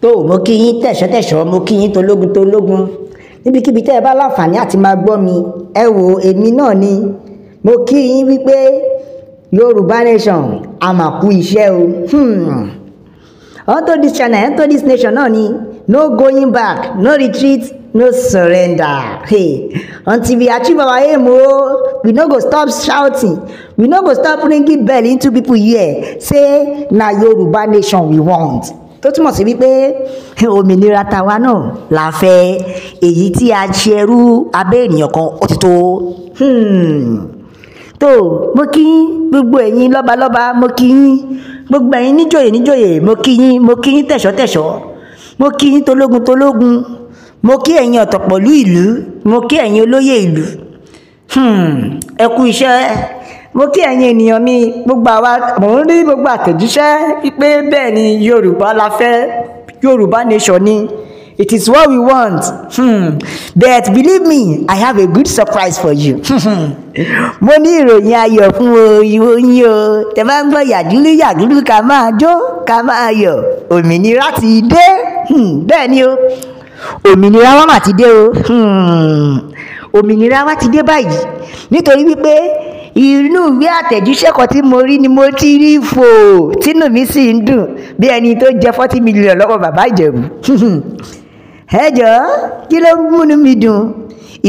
tó o mo kí yín tẹ̀sọ́tẹ̀sọ́ mo kí yín tológun tológun níbikíbi tẹ́ ẹ bá láǹfààní àti máa gbọ́ mi ẹ wo èmi náà ni mo kí yín wípé yorùbá nation a mà kú iṣẹ́ o onto hmm. this channel onto this nation náà ni no going back no retreat no surrender hey until we achieve our aim oh, we no go stop shouting we no go stop ringing bell into people ear say na yoruba nation we want tó túmọ̀ sí wípé òmìnira tàwa náà la fẹ́ èyí tí a ṣe ẹrú abẹ́ ènìyàn kan ó ti tó hmm. tó mo kí yín gbogbo ẹ̀yin lọ́balọ́ba mo kí yín gbogbo ẹ̀yin níjòyè níjòyè mo kí yín mo kí yín tẹ̀ṣọ́tẹ̀ṣọ́ mo kí yín tológun tológun mo kí ẹ̀yin ọ̀tọ̀pọ̀lú ìlú mo kí ẹ̀yin olóyè ìlú hmm, ẹ kú iṣẹ́ mo kí ẹ̀yin ènìyàn mi gbogbo àwa mò ń rí gbogbo àtẹ̀jíṣẹ́ wípé bẹ́ẹ̀ ni yorùbá la fẹ́ yorùbá nation ni it is what we want hmm. but believe me i have a good surprise for you mo ní ìròyìn ayọ̀ fún oyinbo yín o tẹ bá ń gbọ́ yàdúrú yàdúrú ká máa jó ká máa yọ̀ òmìnira ti dé hmm, bẹ́ẹ̀ ni o òmìnira wa mà ti dé o hmm. òmìnira wa ti dé báyìí nítorí wípé inú ìwé àtẹ̀jíṣẹ́ kan tí mo rí ni mo ti rí fò tínú mi sì ń dùn bí ẹni tó jẹ forty million lọ́wọ́ bàbá ìjẹ̀bù ẹ jọ kí ló múnú mi dùn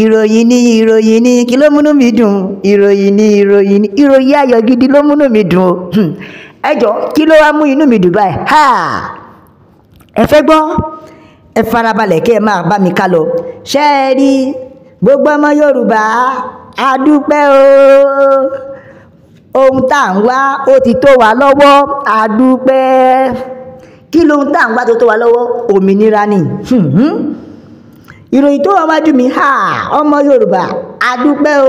ìròyìn ni ìròyìn ni kí ló múnú mi dùn ìròyìn ni ìròyìn ni ìròyìn ayọ̀ gidi ló múnú mi dùn o hmm. ẹ jọ kí ló wá mú inú mi dùn báyìí ẹ fẹ́ gbọ́ ẹ farabalẹ̀ kí ẹ máa bá mi ká lọ ṣé ẹ rí gbogbo ọmọ yorùbá a o ohun tá à ń wá ó ti tó wa lọ́wọ́ a dúpẹ́ kí lohun tá à ń wá tó tó wa lọ́wọ́ òmìnira ni ìròyìn tó wà wájú mi ha ọmọ yorùbá a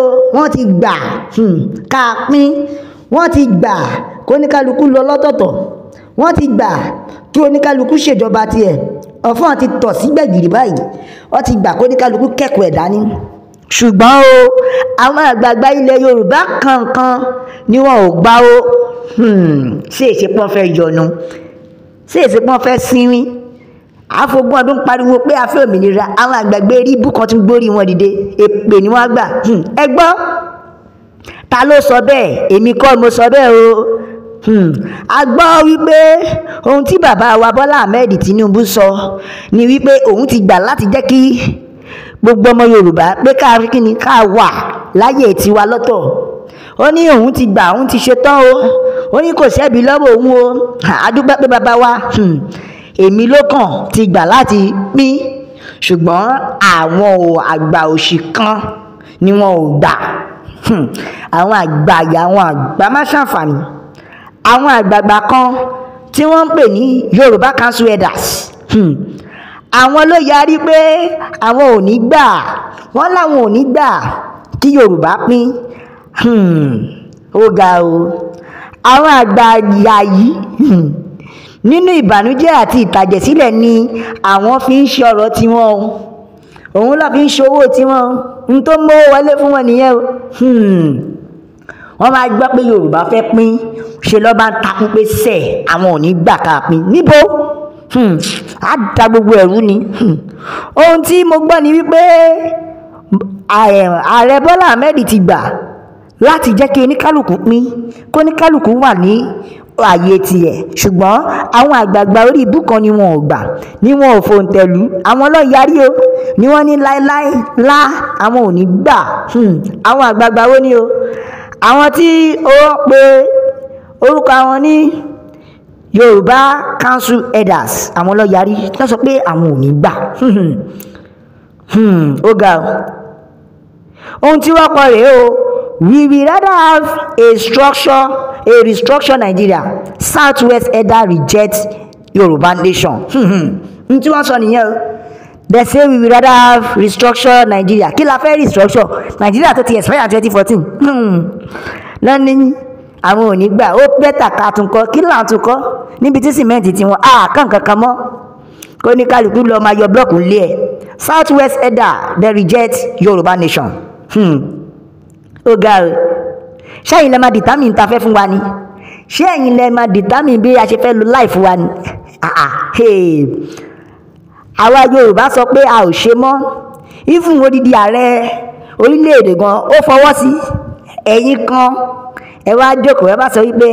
o wọ́n ti gbà hmm, ká pín wọ́n ti gbà kóníkálukú lọ lọ́tọ̀ọ̀tọ̀ wọ́n ti gbà kí oníkálukú ṣèjọba tiẹ̀ ọ̀fọ́n ti tọ̀ sí gbẹ̀gìrì báyìí wọ́n ti gbà kó ní kálukú kẹ́kọ̀ọ́ ẹ̀ dání ṣùgbọ́n o àwọn àgbààgbà ilẹ̀ yorùbá kankan ni wọn ò gbà o hmm, ṣé èsì pọ́n fẹ́ yọnu ṣé èsì pọ́n fẹ́ sinmi àfọgbọ́n ọdún pariwo pé a fẹ́ òmìnira àwọn àgbàgbé rí ibú kan tún gbórí wọn dìde èpè ni wọ́n gbà hmm, ẹ gbọ́ ta ló sọ bẹ́ẹ̀ èmi kọ́ mo sọ bẹ́ẹ̀ o Hmm. a gbọ́ wípé ohun tí bàbá wa bọ́lá ahmed tinubu sọ ni wípé òun ti gbà láti jẹ́ kí gbogbo ọmọ yorùbá pé ká rí kíni ká wà láyé tiwa lọ́tọ̀ ó ní òun ti gbà òun ti ṣetán o ó ní kò sẹ́bi lọ́wọ́ òun o àdúgbò pé bàbá wa hmm, èmi ló kàn ti gbà láti pín ṣùgbọ́n àwọn àgbà òṣì kan ni wọn ò gbà hmm. àwọn àgbà àyà àwọn àgbà má ṣàǹfààní àwọn àgbààgbà kan tí wọ́n ń pè ní Yorùbá Council Elders hmm. àwọn ló yarí pé àwọn ò ní gbà wọ́n láwọn ò ní gbà kí Yorùbá pín hmm. ó ga o àwọn àgbààgbà yìí hmm, nínú ìbànújẹ́ àti ìtàjẹ̀sílẹ̀ ni àwọn fi ń ṣe ọ̀rọ̀ tiwọn o òun ló fi ń ṣòwò tiwọn n tó mówó wọlé fún wọn nìyẹn o wọ́n máa gbọ́ pé yorùbá fẹ́ pín ṣe lọ́ọ́ bá ń takú pé sẹ̀ àwọn ò ní gbà ká pín níbo á hmm. da gbogbo ẹ̀rú ni hmm. ohun tí mo gbọ́ ni wípé ààrẹ bọ́lá ahmed ti gbà láti jẹ́ kí oníkálukú pín kó oníkálukú wà ní ààyè tiẹ̀ ṣùgbọ́n àwọn àgbààgbà orí ibú kan ni wọn ò gbà ni wọn ò fòǹtẹ̀lù àwọn ọlọ́yarí o ni wọ́n ní láéláé lá àwọn ò ní gbà hmm. àwọn àgbààgbà wo ni o àwọn tí ó pe orúkọ àwọn ní yorùbá council elders àwọn ló yarí tí wọ́n sọ pé àwọn ò ní gbà hmm, ó ga o ohun tí wọ́n kọ rèé o we will rather have a structure a restructure nigeria southwest elder reject yorùbá nation hmm, hmm. ohun tí wọ́n sọ nìyẹn o they say we will rather have restructure Nigeria Kill a fair restructure Nigeria tó years. expire in twenty fourteen hmm. lọ́ní àwọn ò ní gbà ó bẹ́tà ká tún kọ́ kí là ń tún kọ́ níbi tí sìmẹ́ǹtì tiwọn àkàn kankan mọ́ kó ní kálukú lọ́ọ́ máa yọ blọ́ọ̀kù lé ẹ̀ south west elder they reject Yorùbá nation hmm. ó ga o ṣẹ́yìn lẹ́ẹ̀ máa determine ta fẹ́ fún wa ni ṣẹ́yìn lẹ́ẹ̀ máa determine bí a ṣe fẹ́ lo life wa ni ah, ah àwa yorùbá sọ pé a ò ṣe mọ́ even odidi ààrẹ orílẹ̀-èdè gan ó fọwọ́ sí ẹ̀yin kan ẹ wá jókòó ẹ bá sọ wípé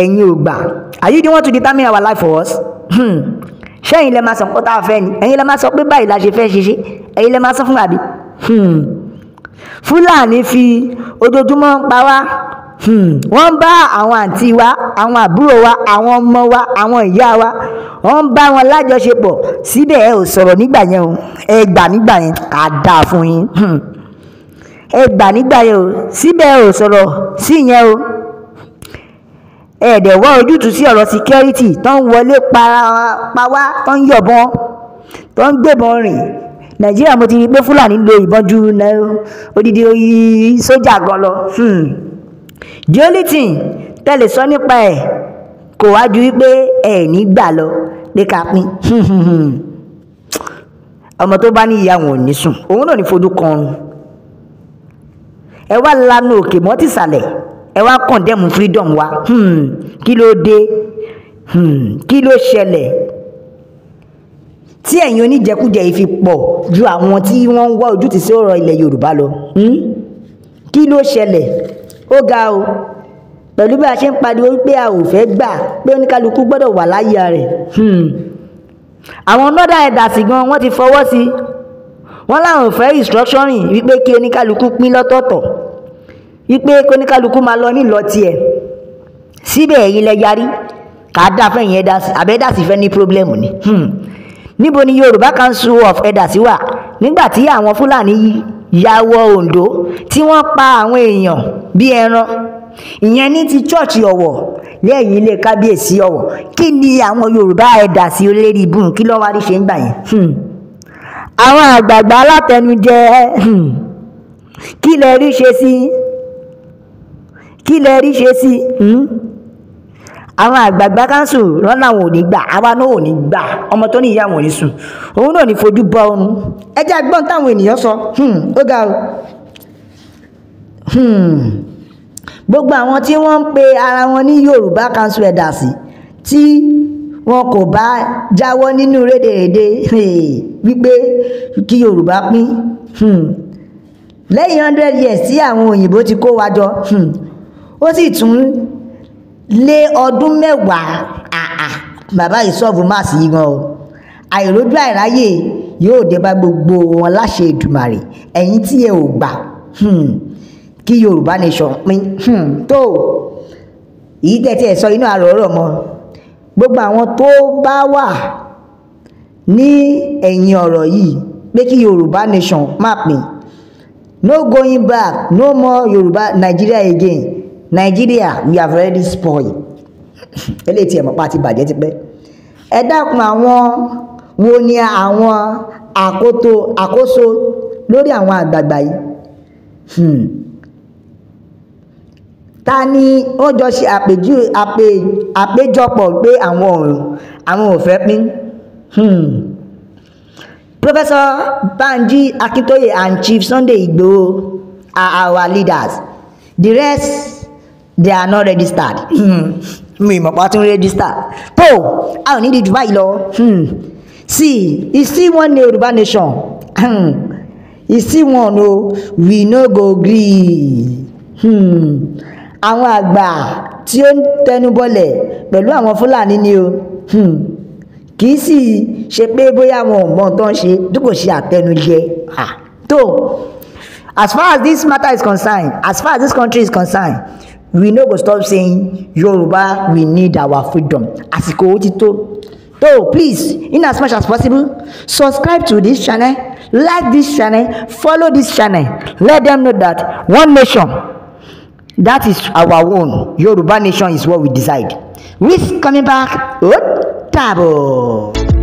ẹ̀yin ò gbà are you the one to determine our life for us hmm. ṣẹ́yìn lẹ́ máa sọ nǹkan tá a fẹ́ ni ẹ̀yin lẹ́ máa sọ pé báyìí la ṣe fẹ́ ṣe ṣe ẹ̀yin lẹ́ máa sọ fún àbí hmm. fúlàní fi ojoojúmọ́ ń pa wá hmm. wọ́n ń bá àwọn àǹtí wa àwọn àbúrò wa àwọn ọmọ wa àwọn ìyá wa wọ́n ń bá wọn lájọṣepọ̀ síbẹ̀ ẹ ò sọ̀rọ̀ nígbà yẹn o ẹ gbà nígbà yẹn á dáa fún yín hmm. ẹ gbà nígbà yẹn o síbẹ̀ ẹ ò sọ̀rọ̀ sí yẹn o ẹ dẹ̀ wá ojútùú sí ọ̀rọ̀ síkẹ́rìtì tó ń wọlé pa wá tó ń yọ̀bọ̀n tó ń gbébọn rìn nàìjíríà mo ti rí pé fúlàní lo ìbọn ju odidi sójà gan lọ jolitin hmm. tẹ̀lé sọ nípa ẹ̀ kò wá wípé ẹ̀ ní gbà lọ pé ká pín ọmọ tó bá ní ìyá wọn ò ní sùn òun náà ní fojú kan ẹ wá lanu òkè mọ́ tìsàlẹ̀ ẹ wá kọ̀ndẹ́mù freedom wa kí ló dé kí ló ṣẹlẹ̀ tí ẹ̀yin oníjẹkújẹ yìí fi pọ̀ ju àwọn tí wọ́n ń wá ojútùú sí ọ̀rọ̀ ilẹ̀ Yorùbá lọ kí ló ṣẹlẹ̀ ó ga o pẹ̀lú bí a ṣe ń pariwo wípé a ò fẹ́ gbà pé oníkálukú gbọ́dọ̀ wà láyà rẹ̀ hmm. àwọn nọ́dà ẹ̀dà sì gan wọ́n ti fọwọ́ sí wọ́n láwọn ò fẹ́ restructuring wípé kí oníkálukú pín lọ́tọ̀ọ̀tọ̀ wípé oníkálukú máa lọ nílọ tiẹ̀ síbẹ̀ ẹ̀yin lẹ yarí kà á dá fẹ́yìn ẹ̀dá àbẹ́dá sì fẹ́ ní pírọ́blẹ́mù ni hmm. níbo ni Yorùbá Council of Elders wà nígbà tí àwọn Fúlàní ya wọ Oǹdó tí wọ́n pa àwọn èèyàn bíi ẹran ìyẹn ní ti chọ́ọ̀chì ọ̀wọ̀ lẹ́yìn ilé kábíyèsí ọ̀wọ̀ kí ni àwọn yorùbá ẹ̀dà sí olérí ibùn kí lọ́wọ́ rí ṣe ń gbà yẹn. Hmm. àwọn àgbààgbà alátẹnujẹ hmm. kí lẹ rí ṣe sí kí lẹ rí ṣe sí hmm. àwọn àgbààgbà káńsù lọ́nà àwọn ò ní gbà àwa náà ò ní gbà ọmọ tó ní ìyá àwọn ò ní sùn òun náà ní fojú bọ ọrùn ẹjẹ agbọ́n táwọn ènìyàn sọ ó ga o gbogbo àwọn tí wọ́n ń pe ara wọn ní yorùbá council elders tí wọn kò bá jáwọ́ nínú rédèrèdè wípé kí yorùbá pín lẹ́yìn hundred years tí àwọn òyìnbó ti kó wa jọ ó sì tún lé ọdún mẹ́wàá àà bàbá ìsọ́ọ̀bù máàsì yìí gan o àìrójú àìráyè yóò dé gbogbo wọn láṣẹ Èdùmàrè ẹ̀yin tí ẹ ò gbà. Hmm kí yorùbá nation pín hmm, tó yìí tẹ̀tí ẹ̀ sọ inú àròrọ̀ mọ́ gbogbo àwọn tó bá wà ní ẹ̀yìn ọ̀rọ̀ yìí pé kí yorùbá nation má pín no going back no more yorùbá nigeria again nigeria we have already spoiled eléyìí tí ẹ̀ mọ̀ pa ti bàjẹ́ tipẹ́ ẹ dákun àwọn wo ni àwọn àkótó àkóso lórí àwọn àgbààgbà yìí. Hmm ta ni ó jọ ṣe àpèjú àpè àpéjọpọ̀ pé àwọn ọ̀rùn àwọn ò fẹ́ pín hmm. Professor Banji Akintoye and Chief Sunday Igboho are our leaders the rest they are not registered hmm. mi mọ̀ pa tún register tó a ò ní di Dubai lọ hmm. see you see one Yoruba nation you see one o we no go gree. Hmm àwọn àgbà tí ó ń tẹnubọlẹ̀ pẹ̀lú àwọn fúlàní ni o hmm. kì í sì ṣe pé bóyá wọn ò mọ tó ń ṣe tí kò ṣe àtẹnujẹ tó as far as this matter is concerned as far as this country is concerned we no go stop saying yoruba we need our freedom àsìkò ó ti tó so please in as much as possible subscribe to this channel like this channel follow this channel let them know that one nation That is our own. Yoruba nation is what we decide. With coming back, oh, table.